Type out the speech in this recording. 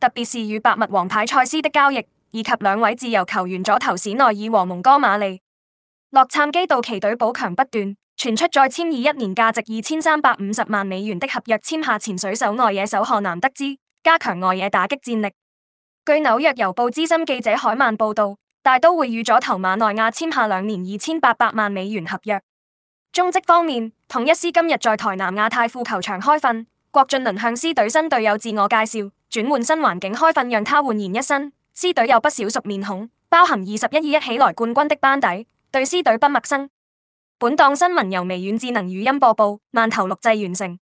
特別是與白襪王牌賽斯的交易，以及兩位自由球員左投史奈爾和蒙哥馬利，洛杉磯道奇隊補強不斷，傳出再簽以一年價值二千三百五十萬美元的合約簽下潛水手外野手漢南德茲加強外野打擊戰力。據紐約郵報資深記者海曼報道，大都會與左投馬內亞簽下兩年二千八百萬美元合約。中職方面，統一獅今日在台南亞太副球場開訓，郭俊麟向獅隊新隊友自我介紹。轉換新環境開分，開訓讓他煥然一新。獅隊有不少熟面孔，包含二十一一一起來冠軍的班底，對獅隊不陌生。本檔新聞由微軟智能語音播報，慢頭錄製完成。